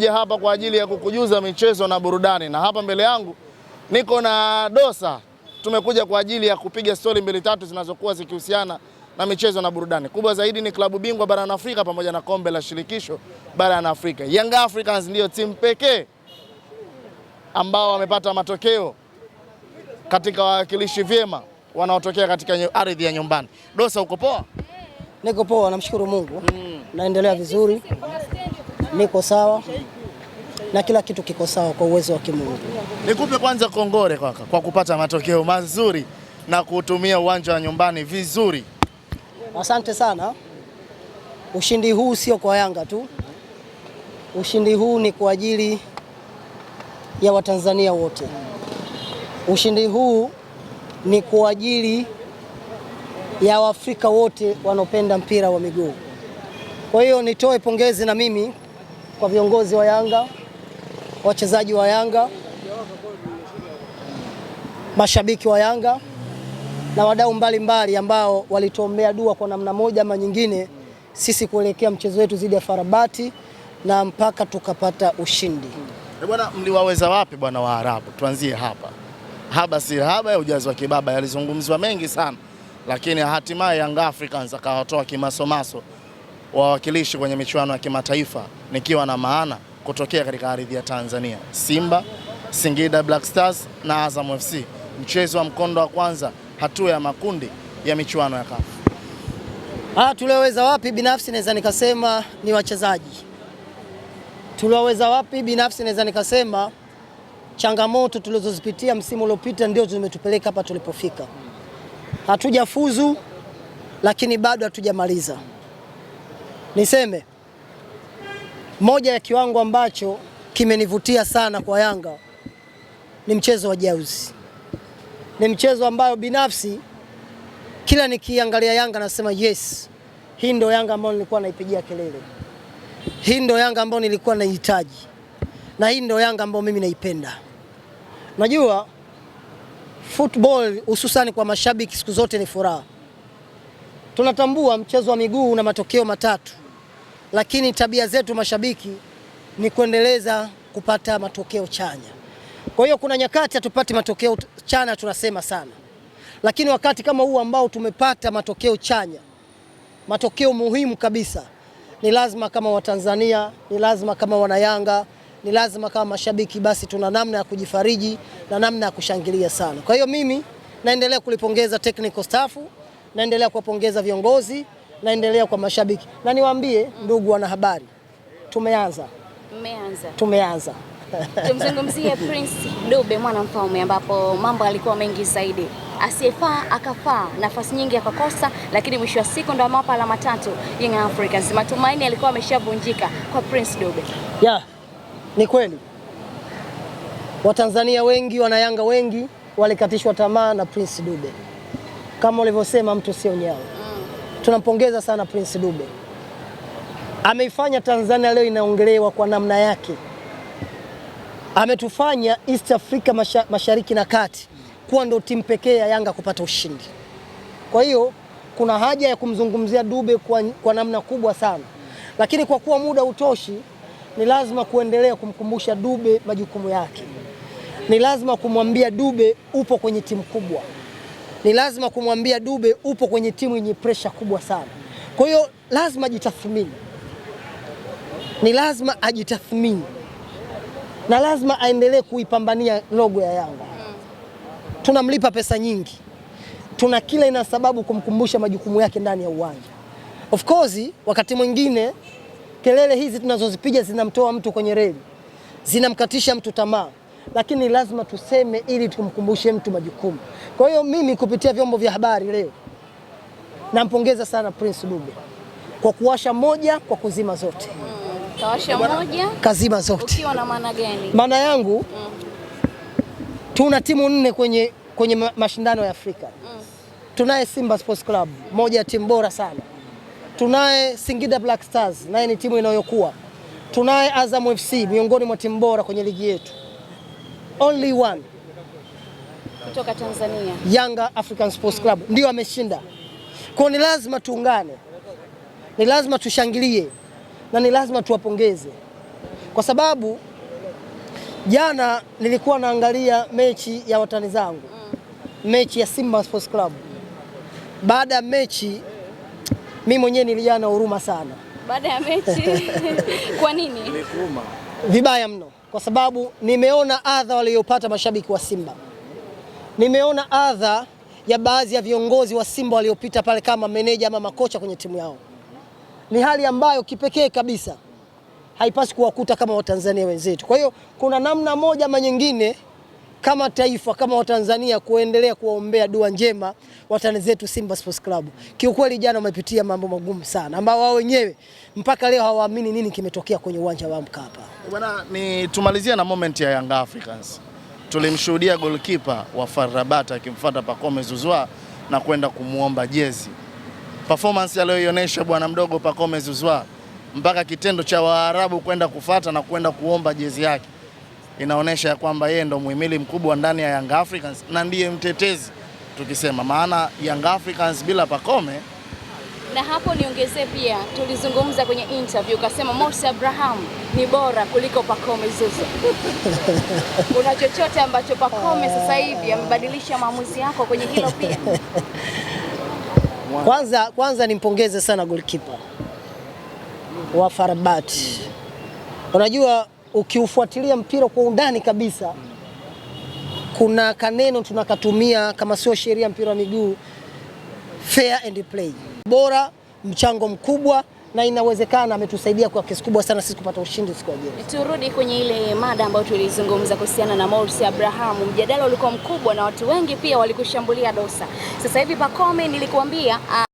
tumekuja hapa kwa ajili ya kukujuza michezo na burudani, na hapa mbele yangu niko na Dosa. Tumekuja kwa ajili ya kupiga stori mbili tatu zinazokuwa zikihusiana na michezo na burudani. Kubwa zaidi ni klabu bingwa barani Afrika pamoja na kombe la shirikisho barani Afrika. Young Africans ndiyo timu pekee ambao wamepata matokeo katika wawakilishi vyema wanaotokea katika ardhi ya nyumbani. Dosa, uko poa? Niko poa, namshukuru Mungu mm. Naendelea vizuri niko sawa na kila kitu kiko sawa kwa uwezo wa Kimungu. Nikupe kwanza kongore kwaka kwa kupata matokeo mazuri na kuutumia uwanja wa nyumbani vizuri. Asante sana. Ushindi huu sio kwa Yanga tu, ushindi huu ni kwa ajili ya Watanzania wote. Ushindi huu ni kwa ajili ya Waafrika wote wanaopenda mpira wa miguu. Kwa hiyo nitoe pongezi na mimi kwa viongozi wa Yanga, wachezaji wa Yanga, mashabiki wa Yanga na wadau mbalimbali ambao walituombea dua kwa namna moja ama nyingine, sisi kuelekea mchezo wetu dhidi ya Farabati na mpaka tukapata ushindi. E bwana, mliwaweza wapi bwana Waarabu? Tuanzie hapa. Haba si haba ya ujazo wa kibaba, yalizungumzwa mengi sana, lakini hatimaye Young Africans akawatoa kimasomaso wawakilishi kwenye michuano ya kimataifa, nikiwa na maana kutokea katika ardhi ya Tanzania, Simba, Singida Black Stars na Azam FC, mchezo wa mkondo wa kwanza hatua ya makundi ya michuano ya CAF. Ah, tuliweza wapi? Binafsi naweza nikasema ni wachezaji. Tuliweza wapi? Binafsi naweza nikasema changamoto tulizozipitia msimu uliopita ndio zimetupeleka hapa tulipofika. Hatujafuzu, lakini bado hatujamaliza. Niseme moja ya kiwango ambacho kimenivutia sana kwa Yanga ni mchezo wa jauzi. Ni mchezo ambayo binafsi kila nikiangalia Yanga nasema yes, hii ndo Yanga ambayo nilikuwa naipigia kelele, hii ndo Yanga ambayo nilikuwa naihitaji, na hii ndo Yanga ambayo mimi naipenda. Najua football hususani kwa mashabiki siku zote ni furaha Tunatambua mchezo wa miguu una matokeo matatu, lakini tabia zetu mashabiki ni kuendeleza kupata matokeo chanya. Kwa hiyo kuna nyakati hatupati matokeo chanya, tunasema sana, lakini wakati kama huu ambao tumepata matokeo chanya, matokeo muhimu kabisa, ni lazima kama Watanzania, ni lazima kama Wanayanga, ni lazima kama mashabiki, basi tuna namna ya kujifariji na namna ya kushangilia sana. Kwa hiyo mimi naendelea kulipongeza technical staff naendelea kuwapongeza viongozi, naendelea kwa mashabiki, na niwaambie ndugu wanahabari, tumeanza tumeanza Tumeanza. Tumzungumzie Prince Dube mwana mfalme, ambapo mambo alikuwa mengi zaidi, asiyefaa akafaa, nafasi nyingi akakosa, lakini mwisho wa siku ndo amewapa alama tatu Young Africans. Matumaini alikuwa ameshavunjika kwa Prince Dube. Yeah, ni kweli Watanzania wengi wanayanga wengi walikatishwa tamaa na Prince Dube kama ulivyosema, mtu sio nyao. Mm. Tunampongeza sana Prince Dube, ameifanya Tanzania leo inaongelewa kwa namna yake, ametufanya East Africa masha, mashariki na kati kuwa ndo timu pekee ya Yanga kupata ushindi. Kwa hiyo kuna haja ya kumzungumzia Dube kwa, kwa namna kubwa sana, lakini kwa kuwa muda utoshi, ni lazima kuendelea kumkumbusha Dube majukumu yake, ni lazima kumwambia Dube upo kwenye timu kubwa ni lazima kumwambia Dube upo kwenye timu yenye presha kubwa sana. Kwa hiyo lazima ajitathmini, ni lazima ajitathmini na lazima aendelee kuipambania logo ya Yanga. Tunamlipa pesa nyingi, tuna kila ina sababu kumkumbusha majukumu yake ndani ya uwanja. Of course, wakati mwingine kelele hizi tunazozipiga zinamtoa mtu kwenye reli, zinamkatisha mtu tamaa lakini lazima tuseme ili tumkumbushe mtu majukumu. Kwa hiyo mimi kupitia vyombo vya habari leo nampongeza sana Prince Dube kwa kuwasha moja kwa kuzima zote. Hmm, kawasha moja kazima zote. Ukiwa na maana gani? Maana yangu mm, tuna timu nne kwenye, kwenye mashindano ya Afrika mm, Tunaye Simba Sports Club, moja ya timu bora sana. Tunaye Singida Black Stars, naye ni timu inayokuwa. Tunaye Azam FC miongoni mwa timu bora kwenye ligi yetu only one kutoka Tanzania, Yanga African Sports Club ndio ameshinda. Kwa ni lazima tuungane, ni lazima tushangilie na ni lazima tuwapongeze, kwa sababu jana nilikuwa naangalia mechi ya watani zangu, mechi ya Simba Sports Club. Baada ya mechi mi mwenyewe nilijaa na huruma sana baada ya mechi kwa nini? Vibaya mno kwa sababu nimeona adha waliyopata mashabiki wa Simba, nimeona adha ya baadhi ya viongozi wa Simba waliopita pale kama meneja ama makocha kwenye timu yao. Ni hali ambayo kipekee kabisa haipasi kuwakuta kama Watanzania wenzetu. Kwa hiyo kuna namna moja ama nyingine kama taifa kama Watanzania kuendelea kuwaombea dua njema watani zetu Simba Sports Club. Kiukweli jana wamepitia mambo magumu sana, ambao wao wenyewe mpaka leo hawaamini nini kimetokea kwenye uwanja wa Mkapa. Bwana, ni tumalizia na moment ya Young Africans. Tulimshuhudia goalkeeper wa FAR Rabat akimfuata Pacome Zuzwa na kwenda kumwomba jezi. Performance aliyoionyesha bwana mdogo Pacome Zuzwa mpaka kitendo cha Waarabu kwenda kufata na kwenda kuomba jezi yake inaonyesha ya kwamba yeye ndo muhimili mkubwa ndani ya Young Africans na ndiye mtetezi tukisema, maana Young Africans bila Pacome. Na hapo niongezee pia, tulizungumza kwenye interview ukasema Moses Abraham ni bora kuliko Pacome Zouzoua kuna chochote ambacho Pacome sasa hivi amebadilisha maamuzi yako kwenye hilo pia? Kwanza, kwanza nimpongeze sana goalkeeper wa Farabat. Mm. unajua ukiufuatilia mpira kwa undani kabisa, kuna kaneno tunakatumia kama sio sheria mpira wa miguu, fair and play, bora mchango mkubwa na inawezekana ametusaidia kwa kiasi kubwa sana sisi kupata ushindi siku ya jana. E, turudi kwenye ile mada ambayo tulizungumza kuhusiana na Morris Abrahamu. Mjadala ulikuwa mkubwa na watu wengi pia walikushambulia Dosa. Sasa hivi Pacome nilikuambia